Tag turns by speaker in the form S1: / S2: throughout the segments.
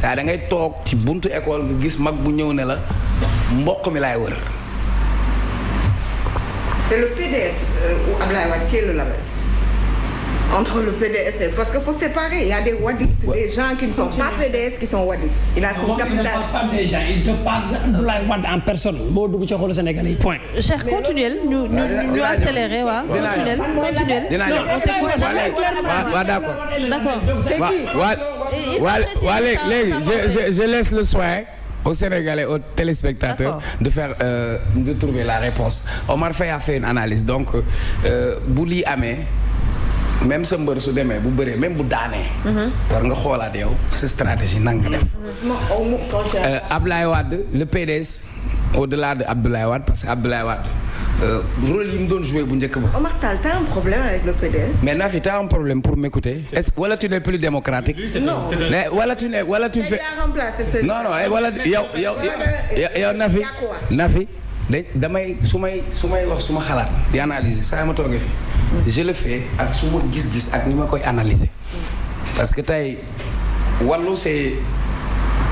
S1: saa da ngay toog ci buntu école nga gis mag bu ñëw ne la mboq mi laay wër.
S2: te le PDS euh, Abdoulaye Wade la entre PDS Parce que faut séparer. Il y a des wadistes, gens qui ne sont pas PDS qui sont wadistes. Il a son
S1: en personne. moo dugg ci xolu Sénégalais point.
S2: Cheikh continuel ñu ñu ñu accéléré waaw. continuel continuel. dinaa ñëw
S1: d'accord. je laisse le soin. aux Sénégalais, aux téléspectateurs euh, de trouver la réponse Omar Faye a fait une analyse donc euh, bu lii même sa mbër su demee bu bëree même bu daanee. Mhm. war nga xoolaat yow sa stratégie nan nga def.
S2: Mhm. Euh,
S1: Ablaye Wade le PDS au-delà de Abdoulaye Wade parce que Abdoulaye Wade euh, rôle yi doon joué bu njëkk ba. Omar Tall mais Nafi t'as un problème pour m'écouter est-ce que wala tu n'es plus démocratique. non mais wala tu ne eh, yow yow yow Nafi Nafi damay su may su may wax su ma xalaat di analyser saa ma toogee fi. je le fais ak su ma gis-gis ak ni ma koy analyser parce que tey wàllu c'est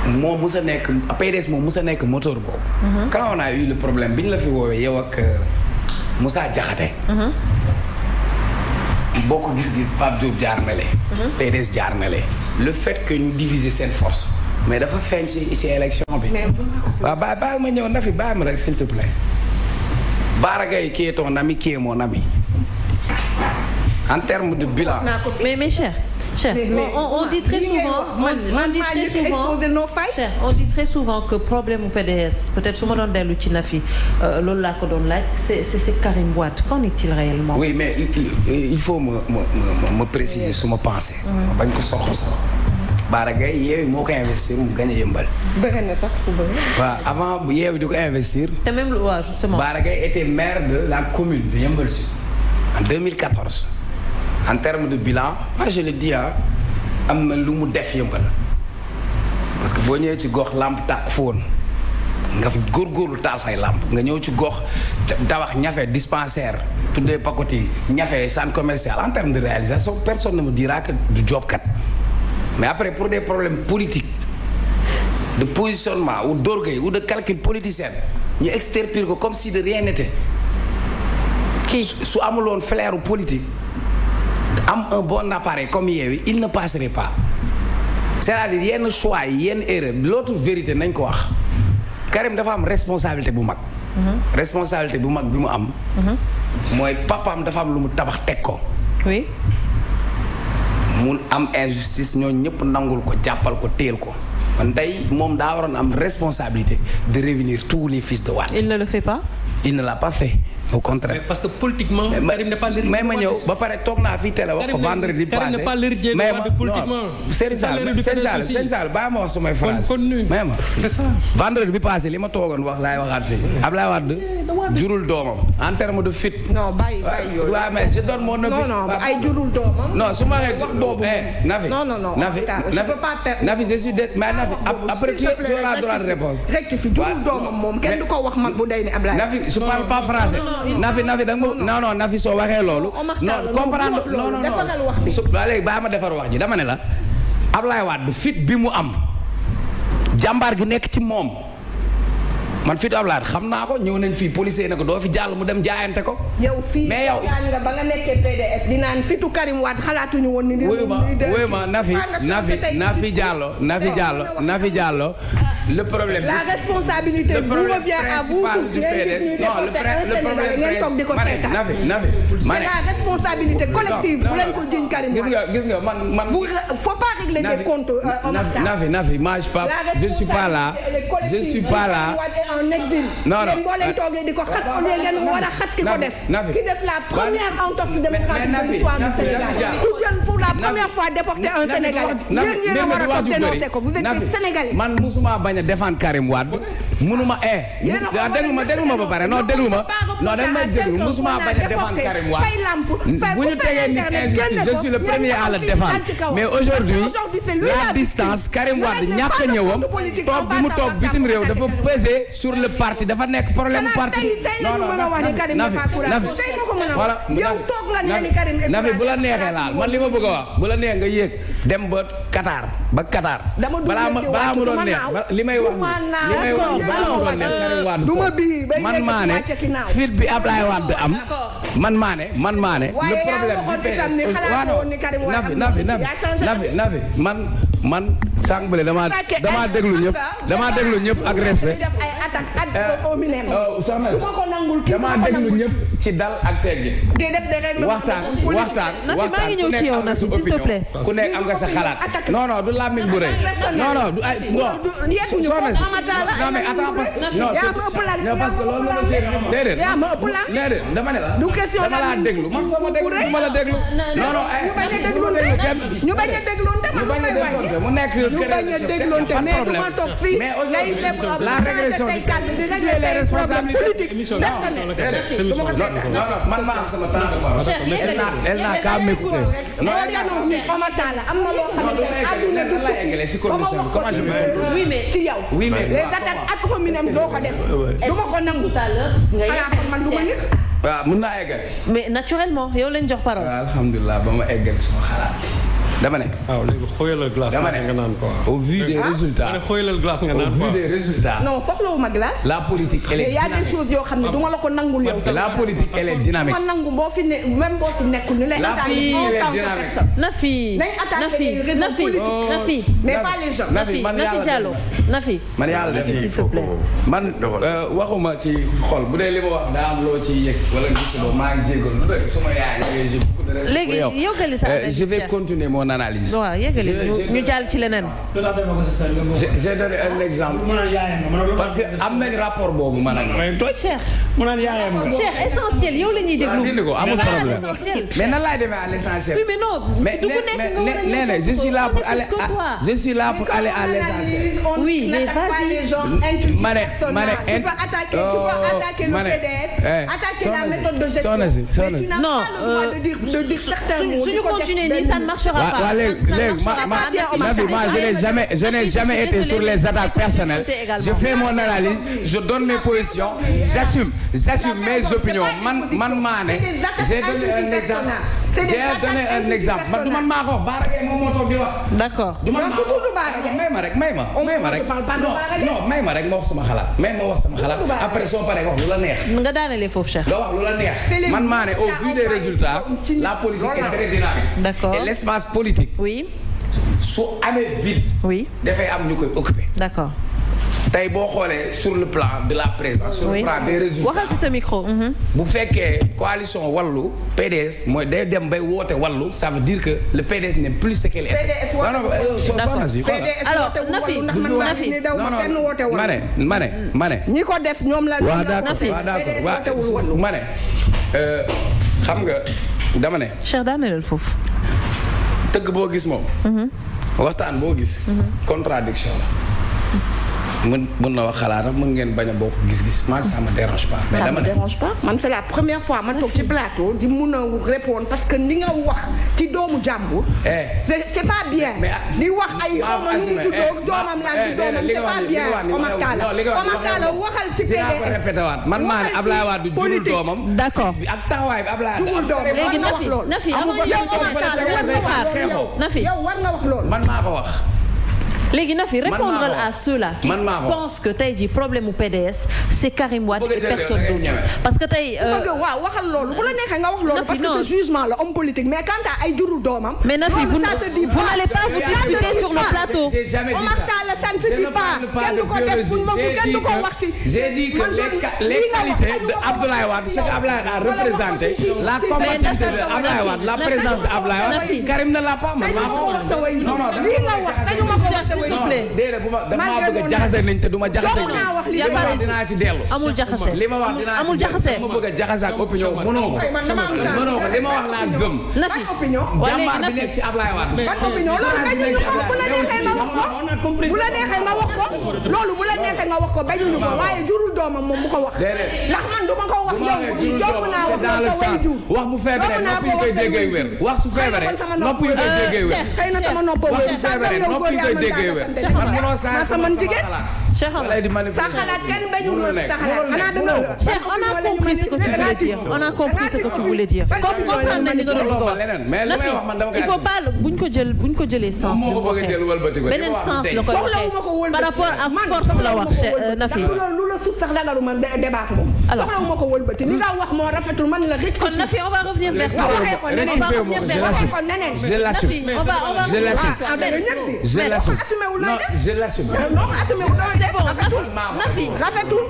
S1: moo mës a nekk PDS moo mu sa nekk moteur boobu mhm. quand on a eu problème bi ñu la fi woowee yow ak euh, Moussa Diakhaté mhm. boo ko gis-gis Pape Diop jaar na le mhm. PDS jaar na le le fait que ñu diviser seen force mais dafa feeñ ci ci élection bi waaw ba baa ma ñëw na fi baa ma rek s'il te plaît Bara Gaye qui en termes de bilan.
S2: mais mais cher. cher on, on dit très souvent on dit très que problème mu PDS peut-être su ma doon dellu ci na fi euh, loolu laa ko doon laaj c'est c'est Karim Wade qu'en est-il réellement. oui
S1: mais il faut ma ma ma ma préciser su ma pensée. Mm-hmm. bañ ko soxla sax. Baara Gaye Yewwi moo ko investir mu gagné yëmbal.
S2: bëgg na sax ku
S1: bëgg. ko investir. te même waaw justement. Baara était maire de la commune de Yëmbal Sud en en termes de bilan moi je le dis am na lu mu def yëmbal parce que boo ñëwee ci gox làmp tàkk foon nga góorgóorlu taal say làmp nga ñëw ci gox dawax ñafe dispensaire tuddee pakoti ñafe centre commercial en termes de réalisation personne ne me dira du jobkat mais après pour des problème politique de positionnement ou d'orgueil ou de calcul politicien ñu extirper ko comme si de rien n'était. kii su amuloon flair politique. am un bon appareil comme Yewwi il ne passerait pas c'est-à-dire yenn choix yi yenn erreur l'autre vérité nañ ko wax Karim dafa am responsabilité bu mag mhm. responsabilité bu mag bi mu am mhm. mooy papaam dafa am lu mu tabax teg ko oui mu am injustice ñoo ñëpp nangul ko jàppal ko téel ko man tey moom daa waroon am responsabilité de réunir tous les fils de Wade il ne le fait pas il ne l'a pas fait au contraire. mais ma ñëw ba pare toog naa fii télé wax ko vendredi passé. Karim n'est pas l'héritier mais ma vendredi bi passé li ma toogoon wax laay waxaat fii Ablaye Wade eh, jurul doomam en terme de fit. non bàyyi bàyyi yooyu. waaw mais je donne mon avis. non Nafi Nafi après jurul doomam moom kenn du ko wax mag bu day ni Ablaye. je parle pas français. Nafi Nafi da nga non non Nafi soo waxee loolu. non comprendre non non non baa ma defar wax ji dama ne la Ablaye Wade fit bi mu am jàmbaar gi nekk ci moom. man fii Ablaye xam naa ko ñëw nañ fii policier na ko doo fi jàll mu dem jaayante ko. yow fii nga
S2: nekkee PDS di fitu Karim Wade xalaatuñu woon ni. wuyu ma ma na fi na fi na fi
S1: na fi jàllo na fi jàllo le problème la
S2: responsabilité vous revient à vous tous ngeen gis ñu ne ngeen toog di ko seetaan la collective bu leen
S1: ko pas je suis pas là
S2: now next a de l'histoire du Sénégal. ku jël pour la première fois déporté un Sénégalais. yéen a a
S1: toog man musuma bañ a défendre Karim Wade munuma eh. a ah, ba pare non ma. non dañ may déglu musuma bañ a défendre Karim Wade.
S2: bu ñu tegee nit injustice je suis le premier à le défendre mais aujourd'hui la distance Karim Wade ñàkk a ñëwam toog bi toog
S1: bitim réew dafa peser sur le parti dafa nekk problème parti. non non Nafi Nafi bu a neexee laal man li ma bëgg a wax bu a neex nga yéeg dem ba Qatar ba Qatar. balaa ma balaa mu doon neex li may wax li may wax balaa mu doon neex Karim Wade man maa ne fit bi Ablaye Wade am man maa man maa Nafi Nafi Nafi man. man sànq bële damaa damaa déglu ñëpp damaa déglu ñëpp ak respect
S2: soxna si damaa déglu
S1: ñëpp ci dal ak teggin
S2: waxtaan waxtaan waxtaan ku nekk am nga sa opinion ku sa xalaat non non du làmmiñ bu rëy non non du ay non soxna si non mais attends parce que
S1: dama ne la dama laa déglu man sama déglu ma la déglu non eh, ay ñu bañ a déglu ñu bañ a dégloonte mu nekk ñu bañ a dégloonte mais du ma toog fii ngay dem la régression du les responsables politiques non man ma am sama temps de parole a n'a qu'à m'écouter
S2: taala am na loo xam ne àdduna du tukki comment je me contrôle oui mais ci yow mais les attaques kon man du ma yëg
S1: waaw naa eggal
S2: mais naturellement yow lañ jox parole
S1: alhamdulilah ba ma eggal sama xalaat dama ne. waaw ah, léegi xooyalal glace. dama ne nga naan quoi. au vu des ah, résultats ma ne xooyalal glace nga naan quoi au vu des résultats.
S2: non soxlawuma glace. la
S1: politique elle est dynamique mais y a des choses yoo xam ne du ma la ko nangul yow. la politique elle est dynamique.
S2: ma nangu boo fi ne même boo fi nekkul ñu lay. attaqué en tant que personne. na fi nañ attaqué les raisons politiques. Oh. na fi mais pas les gens. na fi man yàlla na fi
S1: man yàlla def s'il te plaît. man euh, waxuma ci xol bu dee li ma wax daa am loo ciy yëg wala gisuloo maa ngi jéego lu rek suma yaay. léegi yow mon analyse.
S2: waaw yëgale ñu jàll ci
S1: leneen. j'ai donné un exemple. parce que am nañ rapport boobu man ak. Cheikh. mu naan yaayam nga. Cheikh
S2: essentiel yow la ñuy déglu. ko amul problème mais nan laay
S1: demee à l' essentiel. oui mais non. mais nee na je suis là pour aller je suis là pour aller à l' essentiel. oui mais
S2: vas-y. ma ne ma ne. tu peux attaquer tu peux oh, attaquer le PDF. Eh, attaquer la méthode de gestion. non. Euh, suñu continuer nii ça ne marchera pas. waaw léegi léegi ma ma Nafi ma je n'ai jamais je n'ai jamais été sur les
S1: attaques personnelles je fais mon analyse je donne mes positions j'assume j'assume mes opinions man man maa ne j'ai donné un exemple j'ai donné un exemple man du man maa ko wax Baara Gueye moom moo toog di wax. d'accord du man maa ko may ma rek may ma may ma rek non may ma rek ma wax sama xalaat may ma wax sama xalaat après soo paree wax lu la neex. nga daanelee foofu Cheikh. nga wax lu la neex man maa ne au vu des résultats la politique est très dynamique. d'accord et l'espace politique. oui. su amee vide. oui dafay am ñu koy occuper. d'accord. tey boo xoolee sur le plan de la présence sur le plan des résultats waxal ci
S2: sa micro. Mhm.
S1: bu fekkee coalition wàllu PDS mooy day dem bay woote wàllu ça veut dire que le PDS n'est plus ce qu'elle est. PDS woote ma ne ma ne ma ne. ñi ko def ñoom la. waaw d'accord waaw d'accord ma ne. Euh, xam nga dama ne.
S2: Cheikh daanelal foofu.
S1: tëgg boo gis moom. Mhm. waxtaan boo gis. Mhm. contradiction la. mën mën na wax xalaatam mën ngeen bañ a bokk gis-gis man ça me dérange pas. mais dama ne
S2: dérange pas man c'est la première fois ma toog ci plateau di mun a répondre parce que li nga wax ci doomu jàmbur. Eh. c'est c'est bien. Ah, di wax ay xaw nu mu juddoo eh, doomam lan eh, di doomam c'est pas bien. Omar Talla Omar waxal ci PDS. dinaa ko répété waat man maa ne Ablaye Wade jurul doomam.
S1: d'accord ak taxawaay bi Ablaye. jurul doomam léegi na fi na fi yow Omar Talla
S2: war nga wax loolu. man maa ko wax. léegi na fi répondre à ceux-là que tey jii problème mu PDS c'est Karim et personne d'autre parce que tey. Euh, waaw waxal loolu bu jugement la homme politique mais quant à ay jurul mais na vous n'allez pas vous disputer sur le plateau. Omar Talla ça ne suffit pas kenn du ko def buñ ma kenn du ko wax si. j'ai dit que les qualités
S1: de Abdoulaye Wade ce que Abdoulaye a représenté la combativité de Abdoulaye Wade la présence de Abdoulaye Wade Karim ne l'a pas man déedéet bu ma damaa bëgg a jaxase nañ te du ma jaxase li ma wax dinaa ci dellu amul jaxase li ma wax dinaa amul jaxase ma bëgg a jaxase ak opinion mënoo ko mënoo ko li ma wax laa gëm
S2: na fi jàmbaar bi nekk ci Ablaye Wade ban opinion loolu bañuñu ko bu la neexee ma wax ko bu la neexee ma wax ko loolu bu la neexee nga wax ko bañuñu ko waaye jurul doomam moom bu ko wax ndax man du ma ko wax yow jom naa wax dans le sens
S1: wax bu feebaree nopp yi koy déggee wér wax su feebaree nopp yi koy déggee wér xëy na sama nopp wax su feebaree nopp yi koy déggee wér man munoo changé sama xalaat Cheikh Omar sa xalaat kenn bañu woon sa xalaat xanaa dama la. Cheikh on a compris ce que tu voulais dire
S2: on a compris ce que tu voulais dire. comme comprendre nañ li nga doon bëgg a wax. na fi il faut pas buñ ko jël buñ ko jëlee sens bi mu waxee beneen sens la koy waxee par rapport ak force la wax na fi. lu la suuf sax dagaru man débat ko. alors soxlawu ma ko wëlbati li nga wax moo rafetul man la rëcc. kon na fi on va revenir vers toi. waxee ko neneen waxee ko neneen. je l'assume je
S1: l'assume je l'assume.
S2: Ah, def rafetul na fi rafetul.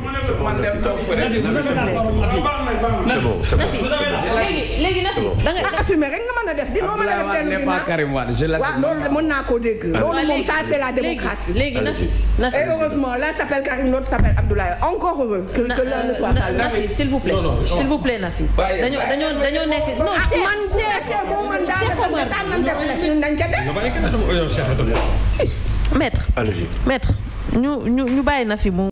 S2: léegi na da nga assumer rek nga mën a def di noo mën a def benn ginnaaw waaw loolu de mën naa koo dégg. loolu moom ça c'est la démocratie. léegi na et heureusement l'un s'appelle Karim l'autre s'appelle Abdoulaye encore heureux que l'un ne soit pas Nafi s'il vous plaît s'il vous plaît Nafi dañoo dañoo dañoo nekk non ah, man Cheikh moom man daanaka daan nañ def la suñu dañ ca def maître maître ñu ñu ñu bàyyi na fi mu.